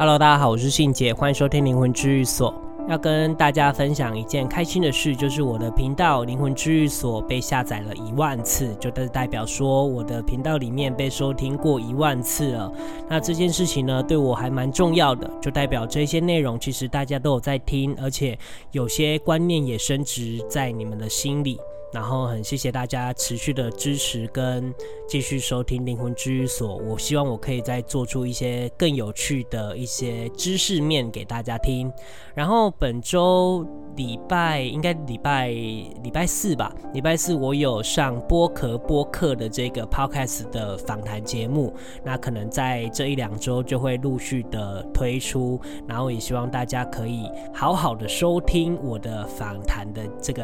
Hello，大家好，我是信姐，歡迎收聽靈魂治癒所。要跟大家分享一件開心的事，就是我的頻道靈魂治癒所被下載了一萬次，就代代表說我的頻道裡面被收聽過一萬次了。那這件事情呢，對我還蠻重要的，就代表這些內容其實大家都有在聽，而且有些觀念也深植在你們的心裡。然後很謝謝大家持續的支持跟繼續收聽靈魂治癒所，我希望我可以再做出一些更有趣的一些知識面給大家聽。然後本周禮拜應該禮拜禮拜四吧，禮拜四我有上播客播客的這個 podcast 的訪談節目，那可能在這一兩周就會陸續的推出，然後也希望大家可以好好的收聽我的訪談的這個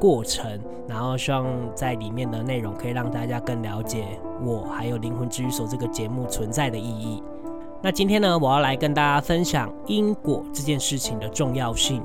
過程。然後希望在裡面的內容可以讓大家更了解我，還有靈魂治癒所這個節目存在的意義。那今天呢，我要來跟大家分享因果這件事情的重要性。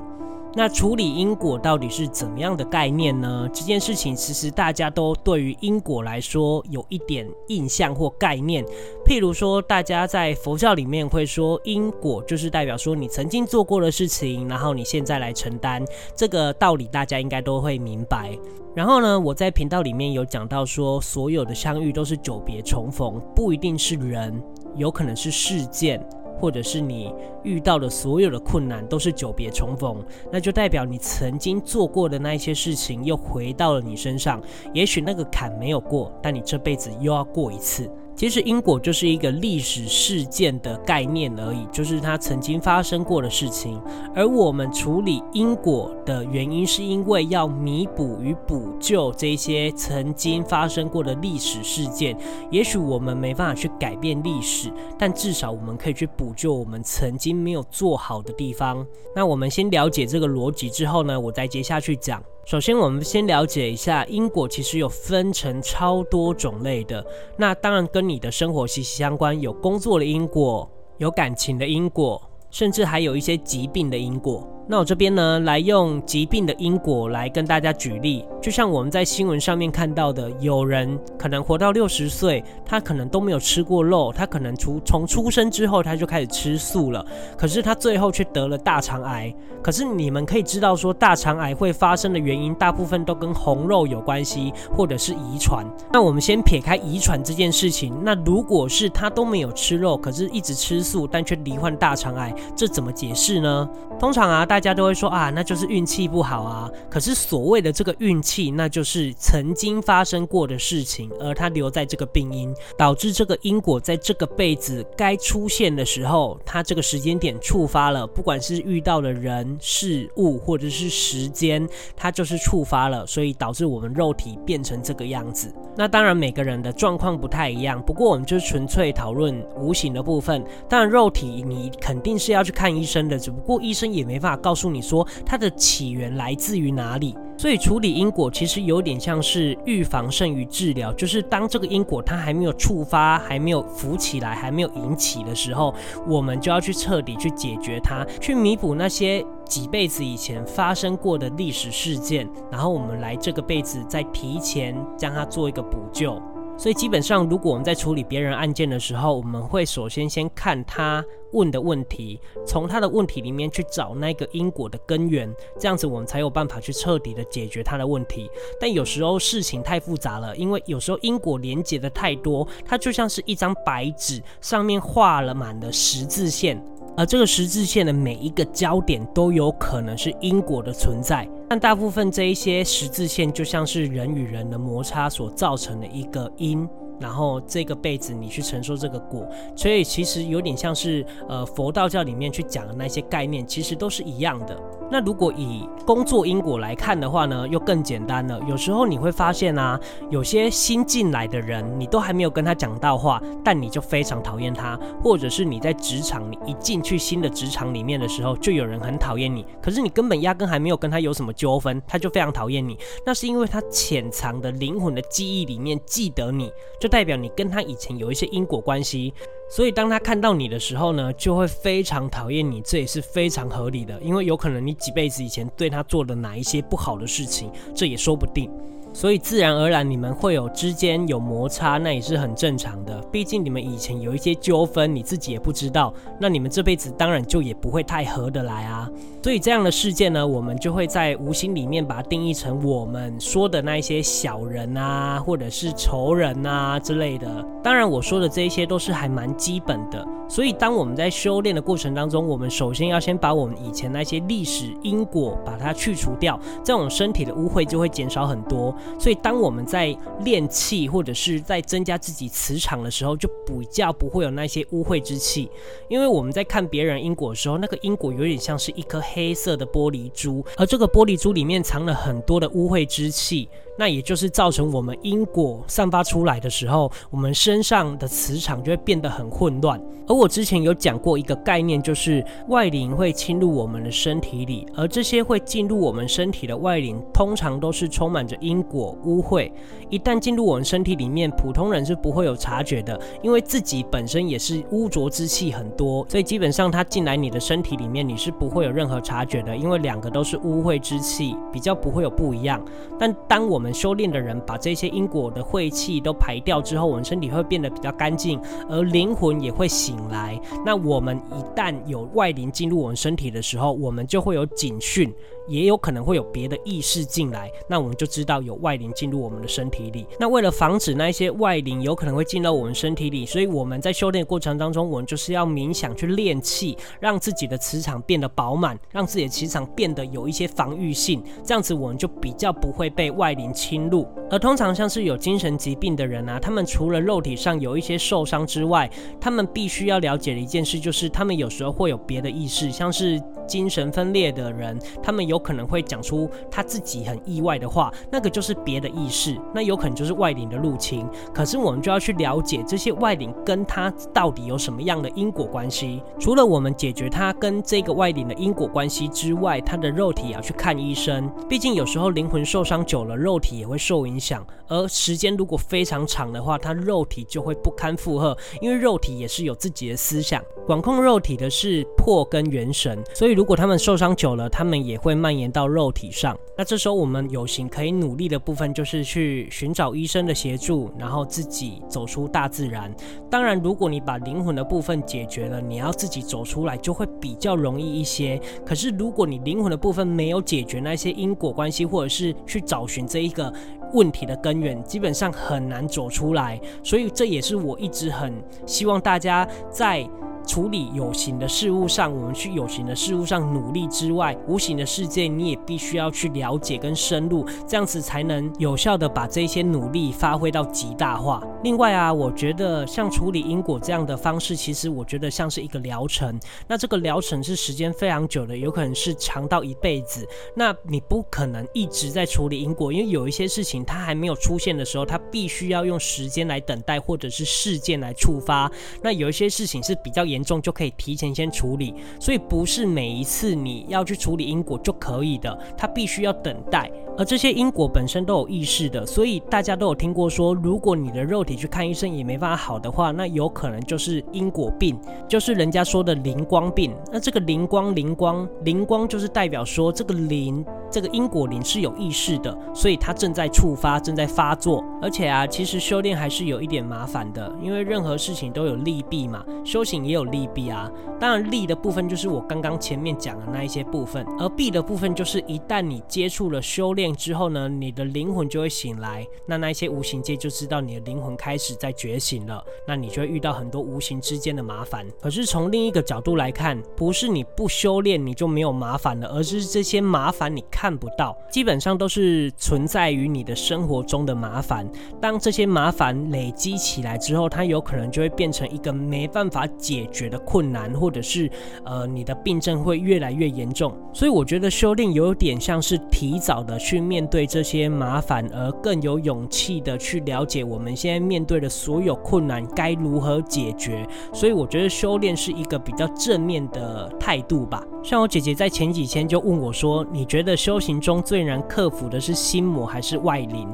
那處理因果到底是怎麼樣的概念呢？這件事情其實大家都對於因果來說有一點印象或概念。譬如說，大家在佛教裡面會說，因果就是代表說你曾經做過的事情，然後你現在來承擔。這個道理大家應該都會明白。然後呢，我在頻道裡面有講到說，所有的相遇都是久別重逢，不一定是人，有可能是事件。或者是你遇到的所有的困難都是久別重逢，那就代表你曾經做過的那一些事情又回到了你身上。也許那個坎沒有過，但你這輩子又要過一次。其實因果就是一個歷史事件的概念而已，就是它曾經發生過的事情。而我們處理因果的原因是因為要彌補與補救這些曾經發生過的歷史事件。也許我們沒辦法去改變歷史，但至少我們可以去補救我們曾經沒有做好的地方。那我們先了解這個邏輯之後呢，我再接下去講。首先，我們先了解一下因果，其實有分成超多種類的。那當然跟你的生活息息相關，有工作的因果，有感情的因果，甚至還有一些疾病的因果。那我這邊呢，來用疾病的因果來跟大家舉例，就像我們在新聞上面看到的，有人可能活到六十歲，他可能都沒有吃過肉，他可能從從出生之後他就開始吃素了，可是他最後卻得了大腸癌。可是你們可以知道說，大腸癌會發生的原因，大部分都跟紅肉有關係，或者是遺傳。那我們先撇開遺傳這件事情，那如果是他都沒有吃肉，可是一直吃素，但卻罹患大腸癌，這怎麼解釋呢？通常啊，大大家都會說啊，那就是運氣不好啊。可是所謂的這個運氣，那就是曾經發生過的事情，而它留在這個病因，導致這個因果在這個輩子該出現的時候，它這個時間點觸發了。不管是遇到了人、事物，或者是時間，它就是觸發了，所以導致我們肉體變成這個樣子。那當然每個人的狀況不太一樣，不過我們就純粹討論無形的部分。當然，肉體你肯定是要去看醫生的，只不過醫生也沒法。告訴你說它的起源來自於哪裡，所以處理因果其實有點像是預防勝於治療，就是當這個因果它還沒有觸發、還沒有浮起來、還沒有引起的時候，我們就要去徹底去解決它，去彌補那些幾輩子以前發生過的歷史事件，然後我們來這個輩子再提前將它做一個補救。所以基本上，如果我們在處理別人案件的時候，我們會首先先看他問的問題，從他的問題裡面去找那個因果的根源，這樣子我們才有辦法去徹底的解決他的問題。但有時候事情太複雜了，因為有時候因果連結的太多，它就像是一張白紙，上面畫了滿了十字線。而、呃、這個十字線的每一個交點都有可能是因果的存在，但大部分這一些十字線就像是人與人的摩擦所造成的一個因，然後這個輩子你去承受這個果，所以其實有點像是呃佛道教裡面去講的那些概念，其實都是一樣的。那如果以工作因果來看的話呢，又更簡單了。有時候你會發現啊，有些新進來的人，你都還沒有跟他講到話，但你就非常討厭他；或者是你在職場，你一進去新的職場裡面的時候，就有人很討厭你，可是你根本壓根還沒有跟他有什麼糾紛，他就非常討厭你。那是因為他潛藏的靈魂的記憶裡面記得你，就代表你跟他以前有一些因果關係。所以，當他看到你的時候呢，就會非常討厭你，這也是非常合理的，因為有可能你幾輩子以前對他做了哪一些不好的事情，這也說不定。所以自然而然，你們會有之間有摩擦，那也是很正常的。畢竟你們以前有一些糾紛，你自己也不知道，那你們這輩子當然就也不會太合得來啊。所以這樣的事件呢，我們就會在無形裡面把它定義成我們說的那一些小人啊，或者是仇人啊之類的。當然，我說的這一些都是還蠻基本的。所以，當我們在修煉的過程當中，我們首先要先把我們以前那些歷史因果把它去除掉，這樣我們身體的污穢就會減少很多。所以，當我們在練氣或者是在增加自己磁場的時候，就比較不會有那些污穢之氣。因為我們在看別人因果的時候，那個因果有點像是一顆黑色的玻璃珠，而這個玻璃珠裡面藏了很多的污穢之氣，那也就是造成我們因果散發出來的時候，我們身上的磁場就會變得很混亂。我之前有講過一個概念，就是外靈會侵入我們的身體裡，而這些會進入我們身體的外靈，通常都是充滿着因果污穢。一旦進入我們身體裡面，普通人是不會有察覺的，因為自己本身也是污濁之氣很多，所以基本上它進來你的身體裡面，你是不會有任何察覺的，因為兩個都是污穢之氣，比較不會有不一樣。但當我們修煉的人把這些因果的晦氣都排掉之後，我們身體會變得比較乾淨，而靈魂也會醒來，那我們一旦有外靈進入我們身體的時候，我們就會有警訊，也有可能會有別的意識進來，那我們就知道有外靈進入我們的身體裡。那為了防止那一些外靈有可能會進到我們身體裡，所以我們在修煉的過程當中，我們就是要冥想去練氣，讓自己的磁場變得飽滿，讓自己的磁場變得有一些防禦性，這樣子我們就比較不會被外靈侵入。而通常像是有精神疾病的人啊，他們除了肉體上有一些受傷之外，他們必須要。要了解的一件事就是，他們有時候會有別的意識，像是精神分裂的人，他們有可能會講出他自己很意外的話，那個就是別的意識，那有可能就是外靈的入侵。可是我們就要去了解這些外靈跟他到底有什麼樣的因果關係。除了我們解決他跟這個外靈的因果關係之外，他的肉體也要去看醫生，畢竟有時候靈魂受傷久了，肉體也會受影響。而時間如果非常長的話，他肉體就會不堪負荷，因為肉體也是有自己。的思想，管控肉體的是魄跟元神，所以如果他們受傷久了，他們也會蔓延到肉體上。那這時候我們有形可以努力的部分，就是去尋找醫生的協助，然後自己走出大自然。當然，如果你把靈魂的部分解決了，你要自己走出來就會比較容易一些。可是如果你靈魂的部分沒有解決那些因果關係，或者是去找尋這一個。問題的根源基本上很難走出來，所以這也是我一直很希望大家在，處理有形的事物上，我們去有形的事物上努力之外，無形的世界你也必須要去了解跟深入，這樣子才能有效的把這些努力發揮到極大化。另外啊，我覺得像處理因果這樣的方式，其實我覺得像是一個療程，那這個療程是時間非常久的，有可能是長到一輩子。那你不可能一直在處理因果，因為有一些事情它還沒有出現的時候，它必須要用時間來等待，或者是事件來觸發。那有一些事情是比較嚴。嚴重就可以提前先處理，所以不是每一次你要去處理因果就可以的，它必須要等待。而這些因果本身都有意識的，所以大家都有聽過說，如果你的肉體去看醫生也沒辦法好的話，那有可能就是因果病，就是人家說的靈光病。那這個靈光靈光靈光就是代表說，這個靈這個因果靈是有意識的，所以它正在觸發，正在發作。而且啊，其實修煉還是有一點麻煩的，因為任何事情都有利弊嘛，修行也有利弊啊。當然利的部分就是我剛剛前面講的那一些部分，而弊的部分就是一旦你接觸了修煉。之後呢，你的靈魂就會醒來，那那些無形界就知道你的靈魂開始在覺醒了。那你就會遇到很多無形之間的麻煩。可是從另一個角度來看，不是你不修煉你就沒有麻煩了，而是這些麻煩你看不到，基本上都是存在於你的生活中的麻煩。當這些麻煩累積起來之後，它有可能就會變成一個沒辦法解決的困難，或者是呃，你的病症會越來越嚴重。所以我覺得修煉有點像是提早的去。去面對這些麻煩，而更有勇氣的去了解我們現在面對的所有困難該如何解決。所以，我覺得修煉是一個比較正面的態度吧。像我姐姐在前幾天就問我說：“你覺得修行中最難克服的是心魔還是外靈？”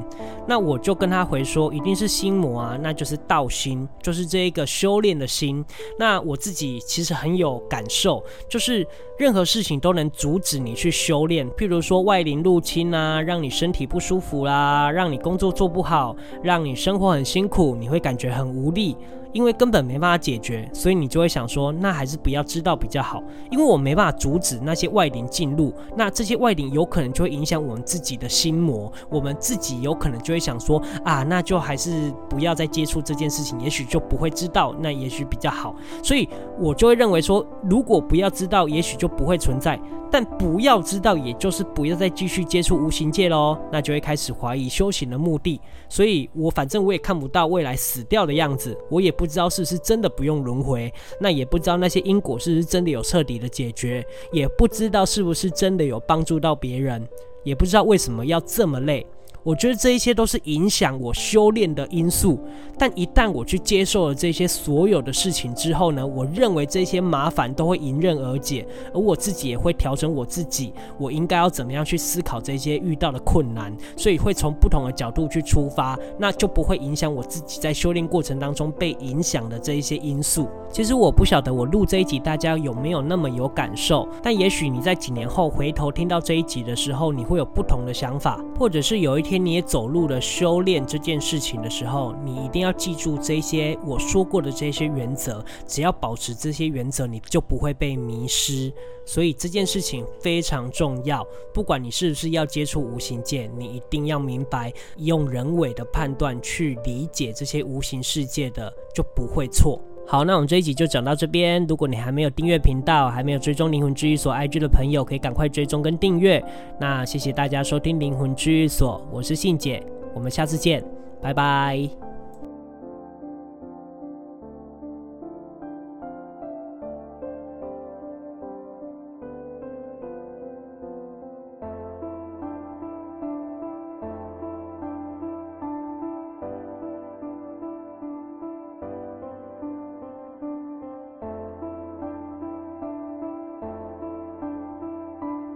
那我就跟她回說：“一定是心魔啊，那就是道心，就是這一個修煉的心。”那我自己其實很有感受，就是任何事情都能阻止你去修煉，譬如說外靈入侵啊，讓你身體不舒服啦，啊，讓你工作做不好，讓你生活很辛苦，你會感覺很無力。因為根本沒辦法解決，所以你就會想說，那還是不要知道比較好。因為我沒辦法阻止那些外靈進入，那這些外靈有可能就會影響我們自己的心魔。我們自己有可能就會想說，啊，那就還是不要再接觸這件事情，也許就不會知道，那也許比較好。所以我就會認為說，如果不要知道，也許就不會存在。但不要知道，也就是不要再繼續接觸無形界嘍。那就會開始懷疑修行的目的。所以我反正我也看不到未來死掉的樣子，我也不不知道是不是真的不用輪迴，那也不知道那些因果是不是真的有徹底的解決，也不知道是不是真的有幫助到別人，也不知道為什麼要這麼累。我覺得這一切都是影響我修煉的因素，但一旦我去接受了這些所有的事情之後呢，我認為這些麻煩都會迎刃而解，而我自己也會調整我自己，我應該要怎麼樣去思考這些遇到的困難，所以會從不同的角度去出發，那就不會影響我自己在修煉過程當中被影響的這一些因素。其實我不曉得我錄這一集大家有沒有那麼有感受，但也許你在幾年後回頭聽到這一集的時候，你會有不同的想法，或者是有一天。你也走入了修煉這件事情的時候，你一定要記住這些我說過的這些原則。只要保持這些原則，你就不會被迷失。所以這件事情非常重要。不管你是不是要接觸無形界，你一定要明白，用人為的判斷去理解這些無形世界的，就不會錯。好，那我們這一集就講到這邊。如果你還沒有訂閱頻道，還沒有追蹤靈魂治癒所 IG 的朋友，可以趕快追蹤跟訂閱。那謝謝大家收聽靈魂治癒所，我是信姐，我們下次見，拜拜。